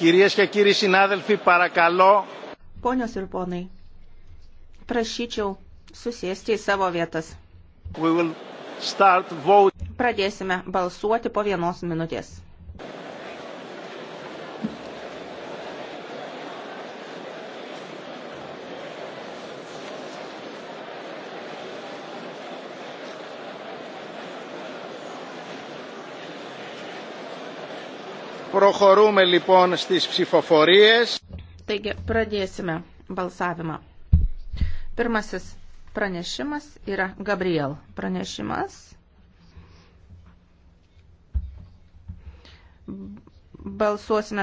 Κυρίες και κύριοι συνάδελφοι, παρακαλώ. Ponios ir ponai, prašyčiau susėsti į savo vietas. Pradėsime balsuoti po vienos minutės. Προχωρούμε λοιπόν στις ψηφοφορίες. Taigi, pradėsime balsavimą. Pirmasis pranešimas yra Gabriel pranešimas. Balsuosime